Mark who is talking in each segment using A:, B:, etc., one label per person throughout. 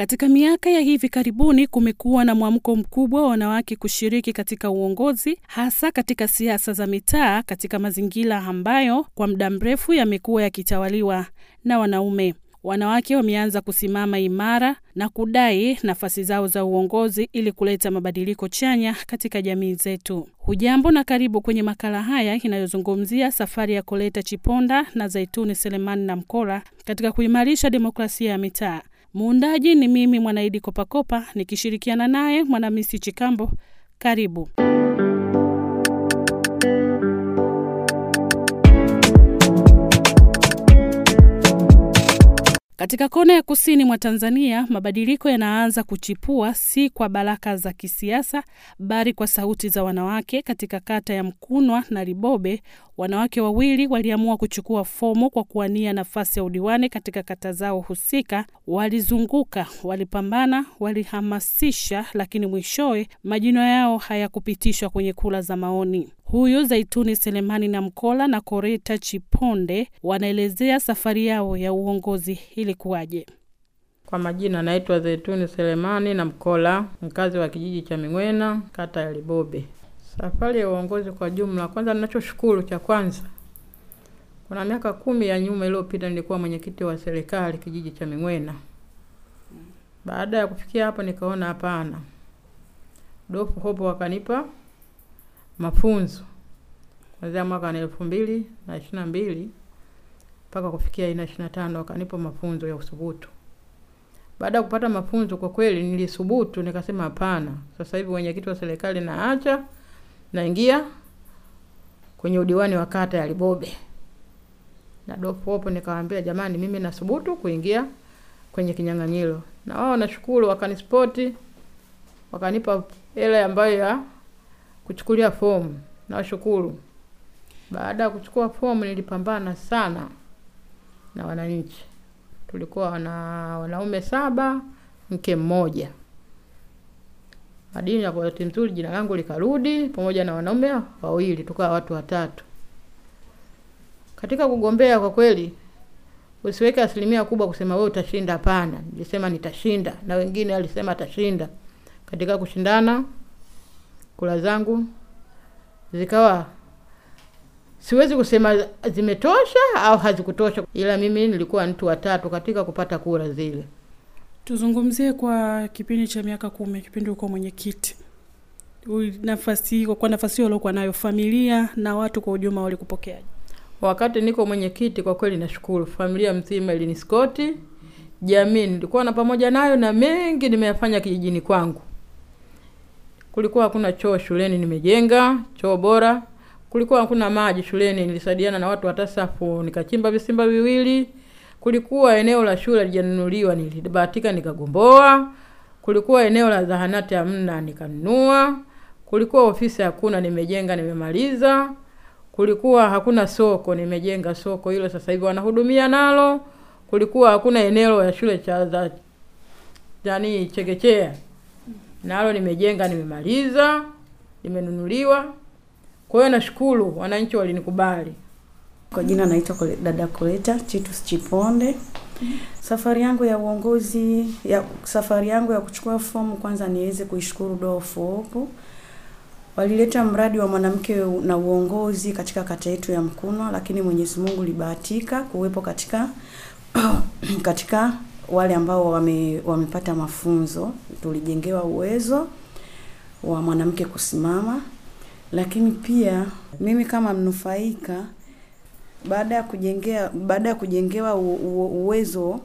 A: Katika miaka ya hivi karibuni kumekuwa na mwamko mkubwa wa wanawake kushiriki katika uongozi, hasa katika siasa za mitaa, katika mazingira ambayo kwa muda mrefu yamekuwa yakitawaliwa na wanaume. Wanawake wameanza kusimama imara na kudai nafasi zao za uongozi ili kuleta mabadiliko chanya katika jamii zetu. Hujambo na karibu kwenye makala haya inayozungumzia safari ya Koleta Chiponda na Zaituni Selemani na Mkola katika kuimarisha demokrasia ya mitaa. Muundaji ni mimi Mwanaidi Kopakopa nikishirikiana naye Mwanamisi Chikambo. Karibu. Katika kona ya kusini mwa Tanzania, mabadiliko yanaanza kuchipua, si kwa baraka za kisiasa, bali kwa sauti za wanawake. Katika kata ya Mkunwa na Libobe, wanawake wawili waliamua kuchukua fomu kwa kuwania nafasi ya udiwani katika kata zao husika. Walizunguka, walipambana, walihamasisha, lakini mwishowe majina yao hayakupitishwa kwenye kura za maoni. Huyu Zaituni Selemani na Mkola na Koreta Chiponde wanaelezea safari yao ya
B: uongozi ilikuwaje. Kwa majina naitwa Zaituni Selemani na Mkola, mkazi wa kijiji cha Mingwena, kata ya Libobe. Safari ya uongozi kwa jumla, kwanza ninachoshukuru cha kwanza, kuna miaka kumi ya nyuma iliyopita nilikuwa mwenyekiti wa serikali kijiji cha Mingwena. Baada ya kufikia hapa, nikaona hapana, dofu hopo wakanipa mafunzo kuanzia mwaka wa elfu mbili na ishirini na mbili mpaka kufikia ina ishirini na tano wakanipa mafunzo ya usubutu. Baada ya kupata mafunzo, kwa kweli nilisubutu, nikasema hapana, sasa hivi wenyekiti wa serikali naacha, naingia kwenye udiwani wa kata ya Libobe. Na dofopo nikawaambia, jamani, mimi nathubutu kuingia kwenye kinyang'anyiro, na wao nashukuru, wakanispoti wakanipa hela ambayo ya kuchukulia fomu. Nawashukuru. Baada ya kuchukua fomu nilipambana sana na wananchi. Tulikuwa wana wanaume saba, mke mmoja. Madini ya bahati nzuri jina langu likarudi pamoja na wanaume wawili, tukawa watu watatu. Katika kugombea kwa kweli usiweke asilimia kubwa kusema wewe utashinda. Hapana, nilisema nitashinda, na wengine alisema atashinda katika kushindana kula zangu zikawa siwezi kusema zimetosha au hazikutosha, ila mimi nilikuwa mtu wa tatu katika kupata kura zile.
A: Tuzungumzie kwa kipindi cha miaka kumi, kipindi uko mwenyekiti, nafasi kwa nafasi hiyo uliokuwa nayo, familia na
B: watu kwa ujuma
A: walikupokeaje?
B: Wakati niko mwenyekiti, kwa kweli nashukuru, familia mzima iliniskoti, jamii nilikuwa na pamoja nayo, na mengi nimeyafanya kijijini kwangu kulikuwa hakuna choo shuleni, nimejenga choo bora. Kulikuwa hakuna maji shuleni, nilisaidiana na watu watasafu nikachimba visimba viwili. Kulikuwa eneo la shule lijanunuliwa, nilibahatika nikagomboa. Kulikuwa eneo la zahanati hamna, nikanunua. Kulikuwa ofisi hakuna, nimejenga, nimemaliza. Kulikuwa hakuna soko, nimejenga soko hilo, sasa hivi wanahudumia nalo. Kulikuwa hakuna eneo ya shule cha za yani chekechea nalo nimejenga, nimemaliza, nimenunuliwa. Kwa hiyo nashukuru
C: wananchi walinikubali. Kwa jina naitwa dada Koleta titus Chiponde. Safari yangu ya uongozi ya safari yangu ya kuchukua fomu, kwanza niweze kuishukuru Door of walileta mradi wa mwanamke na uongozi katika kata yetu ya Mkunwa, lakini Mwenyezi Mungu libahatika kuwepo katika katika wale ambao wame, wamepata mafunzo tulijengewa uwezo wa mwanamke kusimama, lakini pia mimi kama mnufaika baada ya kujengea baada ya kujengewa uwezo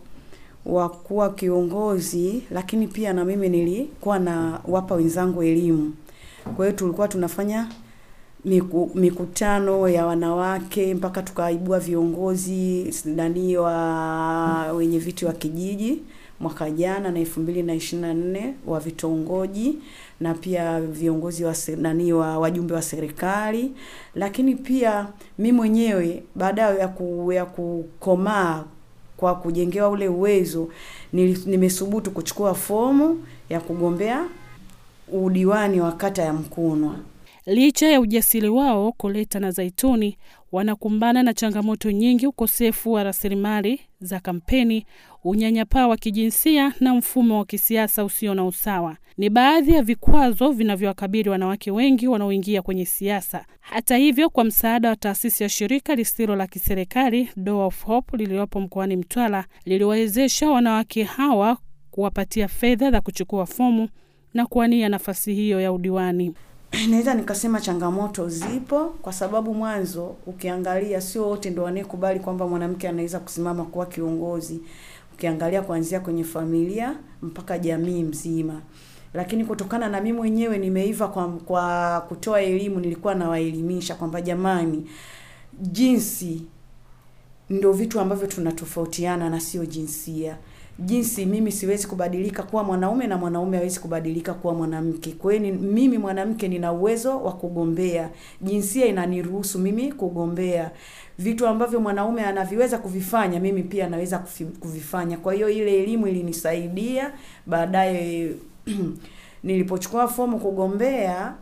C: wa kuwa kiongozi, lakini pia na mimi nilikuwa na wapa wenzangu elimu. Kwa hiyo tulikuwa tunafanya miku, mikutano ya wanawake mpaka tukaibua viongozi nani wa wenye viti wa kijiji mwaka jana na elfu mbili na ishirini na nne wa vitongoji na pia viongozi wa nani wa wajumbe wa serikali, lakini pia mi mwenyewe baada ya ku, ya kukomaa kwa kujengewa ule uwezo nimesubutu kuchukua fomu ya kugombea udiwani wa kata ya Mkunwa. Licha ya ujasiri wao koleta
A: na Zaituni wanakumbana na changamoto nyingi: ukosefu wa rasilimali za kampeni, unyanyapaa wa kijinsia na mfumo wa kisiasa usio na usawa. Ni baadhi ya vikwazo vinavyowakabili wanawake wengi wanaoingia kwenye siasa. Hata hivyo, kwa msaada wa taasisi ya shirika lisilo la kiserikali Door of Hope mkoani Mtwara, liliwawezesha wanawake hawa kuwapatia fedha za kuchukua fomu
C: na kuwania nafasi hiyo ya udiwani. naweza nikasema changamoto zipo, kwa sababu mwanzo ukiangalia sio wote ndo wanayekubali kwamba mwanamke anaweza kusimama kuwa kiongozi, ukiangalia kuanzia kwenye familia mpaka jamii mzima. Lakini kutokana na mimi mwenyewe nimeiva kwa, kwa kutoa elimu, nilikuwa nawaelimisha kwamba jamani, jinsi ndio vitu ambavyo tunatofautiana na sio jinsia jinsi mimi siwezi kubadilika kuwa mwanaume na mwanaume hawezi kubadilika kuwa mwanamke. Kwa hiyo mimi mwanamke nina uwezo wa kugombea, jinsia inaniruhusu mimi kugombea vitu ambavyo mwanaume anaviweza kuvifanya, mimi pia naweza kuvifanya. Kwa hiyo ile elimu ilinisaidia baadaye nilipochukua fomu kugombea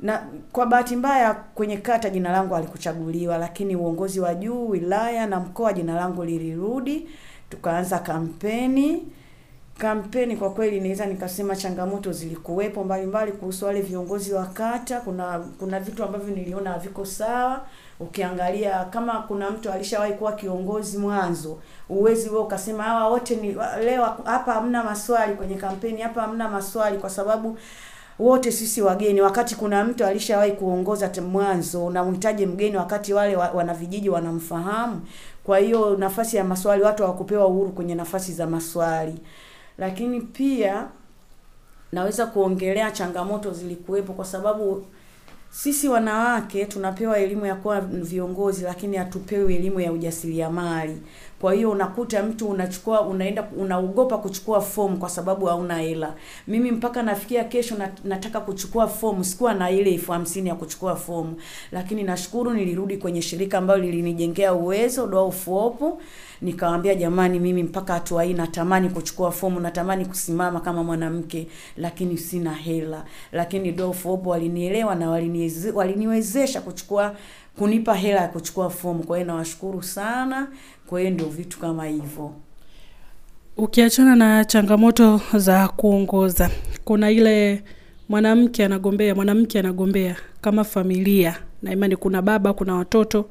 C: na kwa bahati mbaya kwenye kata jina langu alikuchaguliwa lakini uongozi wa juu wilaya na mkoa jina langu lilirudi tukaanza kampeni. Kampeni kwa kweli naweza nikasema changamoto zilikuwepo mbalimbali kuhusu wale viongozi wa kata. Kuna kuna vitu ambavyo niliona haviko sawa. Ukiangalia kama kuna mtu alishawahi kuwa kiongozi mwanzo, uwezi wewe ukasema hawa wote ni leo hapa hamna maswali kwenye kampeni, hapa hamna maswali kwa sababu wote sisi wageni, wakati kuna mtu alishawahi kuongoza mwanzo, unamhitaji mgeni wakati wale wanavijiji wanamfahamu. Kwa hiyo nafasi ya maswali, watu hawakupewa uhuru kwenye nafasi za maswali. Lakini pia naweza kuongelea changamoto zilikuwepo, kwa sababu sisi wanawake tunapewa elimu ya kuwa viongozi, lakini hatupewi elimu ya ujasiriamali. Kwa hiyo unakuta mtu unachukua unaenda unaogopa kuchukua fomu kwa sababu hauna hela. Mimi mpaka nafikia kesho nataka kuchukua fomu, sikuwa na ile elfu hamsini ya kuchukua fomu, lakini nashukuru nilirudi kwenye shirika ambayo lilinijengea uwezo Doa Ufuopo, jamani, mimi mpaka hatua hii natamani kuchukua fomu, natamani kusimama kama mwanamke, lakini sina hela, lakini Doa Ufuopo walinielewa na waliniwezesha kuchukua kunipa hela ya kuchukua fomu. Kwa hiyo nawashukuru sana. Kwa hiyo ndio vitu kama hivyo.
A: Ukiachana na changamoto za kuongoza, kuna ile mwanamke anagombea, mwanamke anagombea kama familia, na imani kuna baba, kuna watoto,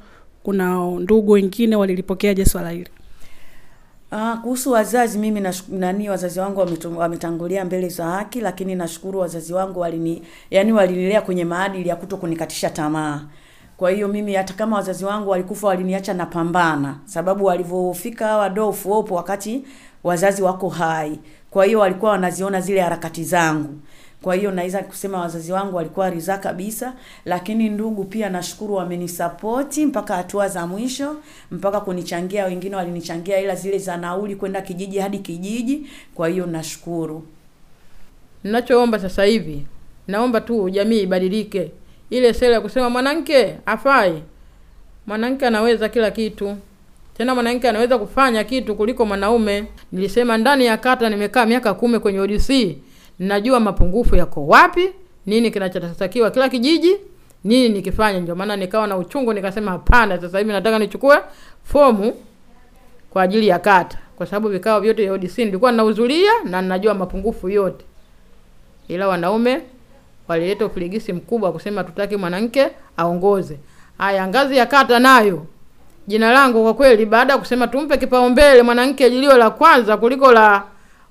A: kuna ndugu wengine, walilipokeaje swala hili?
C: Ah, kuhusu wazazi mimi na nani wazazi wangu wametangulia mbele za haki, lakini nashukuru wazazi wangu walini, yani walinilea kwenye maadili ya kuto kunikatisha tamaa. Kwa hiyo mimi hata kama wazazi wangu walikufa, waliniacha napambana, sababu walivyofika hawa dofu wapo wakati wazazi wako hai. Kwa hiyo walikuwa wanaziona zile harakati zangu. Kwa hiyo naweza kusema wazazi wangu walikuwa riza kabisa, lakini ndugu pia nashukuru wamenisapoti mpaka hatua za mwisho, mpaka kunichangia, wengine walinichangia ila zile za nauli kwenda kijiji hadi kijiji. Kwa hiyo nashukuru. Ninachoomba
B: sasa hivi, naomba tu jamii ibadilike, ile sera ya kusema mwanamke afai. Mwanamke anaweza kila kitu, tena mwanamke anaweza kufanya kitu kuliko mwanaume. Nilisema ndani ya kata nimekaa miaka kumi kwenye ODC, najua mapungufu yako wapi, nini kinachotakiwa kila kijiji, nini nikifanya. Ndio maana nikawa na uchungu, nikasema hapana, sasa hivi nataka nichukue fomu kwa ajili ya kata, kwa sababu vikao vyote vya ODC nilikuwa ninahudhuria na ninajua mapungufu yote, ila wanaume walileta ufiligisi mkubwa kusema tutaki mwanamke aongoze. Haya, ngazi ya kata nayo jina langu kwa kweli, baada ya kusema tumpe kipaumbele mwanamke jilio la kwanza kuliko la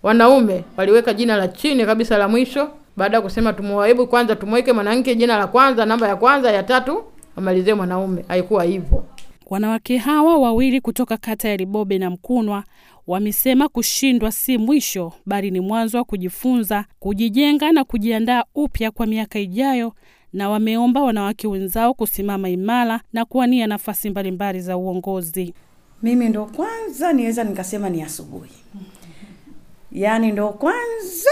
B: wanaume, waliweka jina la chini kabisa la mwisho, baada ya kusema tumwaibu kwanza, tumweke mwanamke jina la kwanza, namba ya kwanza, ya tatu wamalizie mwanaume. Haikuwa hivyo. Wanawake hawa wawili kutoka kata ya Libobe na Mkunwa
A: wamesema kushindwa si mwisho, bali ni mwanzo wa kujifunza, kujijenga na kujiandaa upya kwa miaka ijayo, na wameomba wanawake wenzao kusimama imara na kuwania nafasi mbalimbali za uongozi. Mimi ndo kwanza niweza nikasema ni
C: asubuhi, yaani ndo kwanza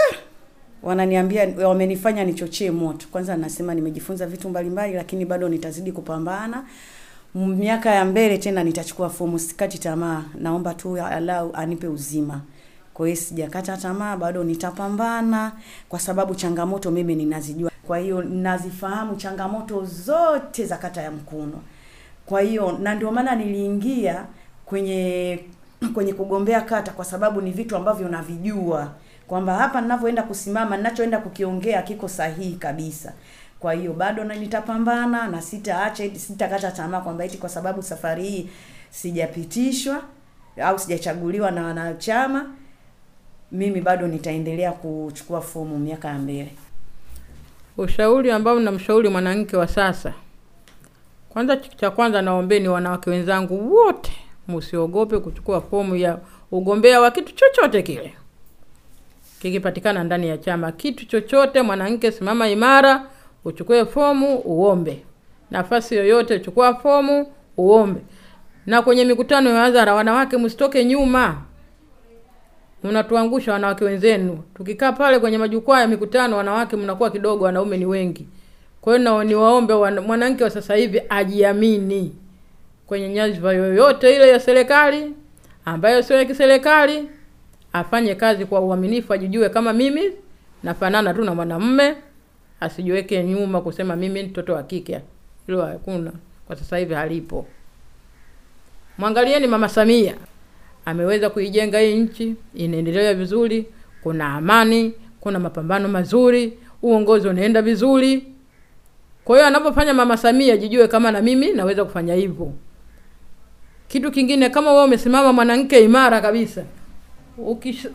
C: wananiambia wamenifanya nichochee moto. Kwanza nasema nimejifunza vitu mbalimbali lakini bado nitazidi kupambana miaka ya mbele tena nitachukua fomu, sikati tamaa. Naomba tu alau anipe uzima. Kwa hiyo sijakata tamaa, bado nitapambana, kwa sababu changamoto mimi ninazijua, kwa hiyo nazifahamu changamoto zote za kata ya Mkuno. Kwa hiyo na ndio maana niliingia kwenye kwenye kugombea kata, kwa sababu ni vitu ambavyo navijua kwamba hapa ninavyoenda kusimama, ninachoenda kukiongea kiko sahihi kabisa. Kwa hiyo bado na nitapambana na sitaacha, sitakata tamaa kwamba eti kwa sababu safari hii sijapitishwa au sijachaguliwa na wanachama, mimi bado nitaendelea kuchukua fomu miaka ya mbele.
B: Ushauri ambao namshauri mwanamke wa sasa, kwanza, cha kwanza naombeni wanawake wenzangu wote msiogope kuchukua fomu ya ugombea wa kitu chochote kile kikipatikana ndani ya chama. Kitu chochote, mwanamke simama imara uchukue fomu uombe, nafasi yoyote chukua fomu uombe. Na kwenye mikutano ya hadhara, wanawake msitoke nyuma, mnatuangusha wanawake wenzenu. Tukikaa pale kwenye majukwaa ya mikutano, wanawake mnakuwa kidogo, wanaume ni wengi. Kwa hiyo niwaombe mwanamke wa sasa hivi ajiamini kwenye nyadhifa yoyote ile ya serikali ambayo sio ya kiserikali, afanye kazi kwa uaminifu, ajijue kama mimi nafanana tu na mwanamume asijiweke nyuma kusema mimi mtoto wa kike, hilo hakuna kwa sasa hivi, halipo. Mwangalieni Mama Samia ameweza kuijenga hii nchi, inaendelea vizuri, kuna amani, kuna mapambano mazuri, uongozi unaenda vizuri. Kwa hiyo anapofanya Mama Samia, jijue kama na mimi naweza kufanya hivyo. Kitu kingine, kama wewe umesimama mwanamke imara kabisa,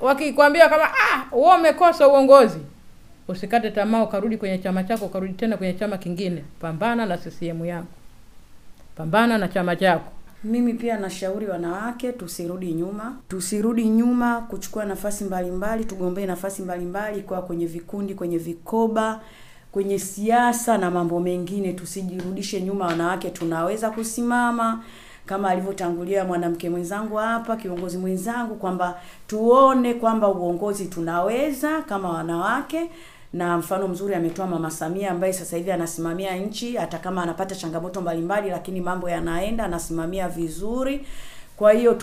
B: wakikwambia kama ah, wewe umekosa uongozi usikate tamaa ukarudi kwenye chama chako ukarudi tena kwenye chama kingine. Pambana na CCM yako, pambana na chama chako.
C: Mimi pia nashauri wanawake tusirudi nyuma, tusirudi nyuma kuchukua nafasi mbalimbali, tugombee nafasi mbalimbali kwa kwenye vikundi, kwenye vikoba, kwenye siasa na mambo mengine. Tusijirudishe nyuma, wanawake tunaweza kusimama kama alivyotangulia mwanamke mwenzangu hapa, kiongozi mwenzangu, kwamba tuone kwamba uongozi tunaweza kama wanawake na mfano mzuri ametoa Mama Samia ambaye sasa hivi anasimamia nchi, hata kama anapata changamoto mbalimbali, lakini mambo yanaenda, anasimamia vizuri. Kwa hiyo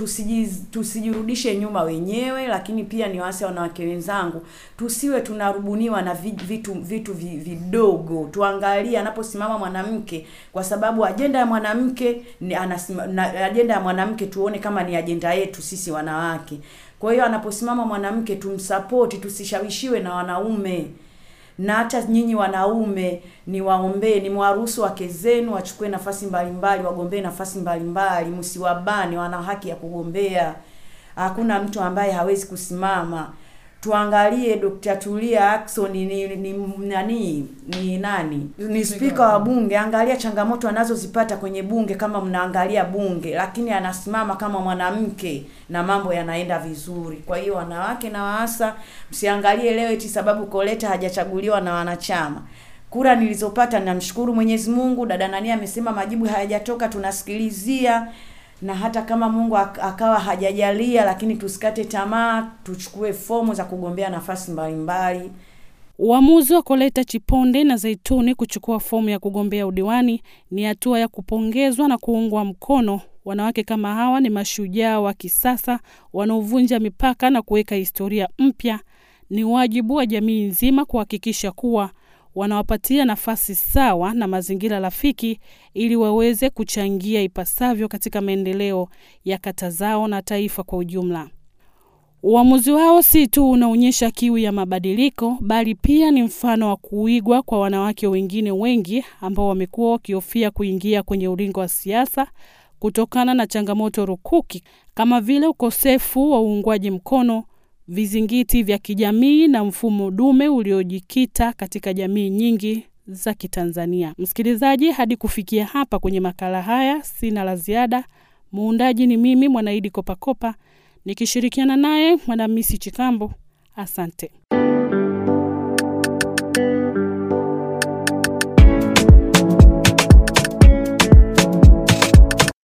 C: tusijirudishe nyuma wenyewe, lakini pia ni waasi wanawake wenzangu, tusiwe tunarubuniwa na vitu vitu vidogo. Tuangalie anaposimama mwanamke, kwa sababu ajenda ya mwanamke ni anasima, na, ajenda ya mwanamke tuone kama ni ajenda yetu sisi wanawake. Kwa hiyo anaposimama mwanamke tumsapoti, tusishawishiwe na wanaume na hata nyinyi wanaume niwaombee, ni mwaruhusu wake zenu wachukue nafasi mbalimbali, wagombee nafasi mbalimbali, msiwabane, wana haki ya kugombea. Hakuna mtu ambaye hawezi kusimama tuangalie Dr. Tulia Ackson ni ni, ni, nani ni nani ni spika wa bunge. Angalia changamoto anazozipata kwenye bunge, kama mnaangalia bunge, lakini anasimama kama mwanamke na mambo yanaenda vizuri. Kwa hiyo wanawake na waasa, msiangalie leo eti sababu Koleta hajachaguliwa na wanachama. Kura nilizopata namshukuru Mwenyezi Mungu. Dada nani amesema majibu hayajatoka, tunasikilizia na hata kama Mungu akawa hajajalia, lakini tusikate tamaa, tuchukue fomu za kugombea nafasi mbalimbali. Uamuzi wa
A: Koleta Chiponde na Zaituni kuchukua fomu ya kugombea udiwani ni hatua ya kupongezwa na kuungwa mkono. Wanawake kama hawa ni mashujaa wa kisasa wanaovunja mipaka na kuweka historia mpya. Ni wajibu wa jamii nzima kuhakikisha kuwa wanawapatia nafasi sawa na mazingira rafiki ili waweze kuchangia ipasavyo katika maendeleo ya kata zao na taifa kwa ujumla. Uamuzi wao si tu unaonyesha kiu ya mabadiliko, bali pia ni mfano wa kuigwa kwa wanawake wengine wengi ambao wamekuwa wakihofia kuingia kwenye ulingo wa siasa kutokana na changamoto rukuki kama vile ukosefu wa uungwaji mkono vizingiti vya kijamii na mfumo dume uliojikita katika jamii nyingi za Kitanzania. Msikilizaji, hadi kufikia hapa kwenye makala haya, sina la ziada. Muundaji ni mimi Mwanaidi Kopakopa, nikishirikiana naye Mwanamisi Chikambo. Asante.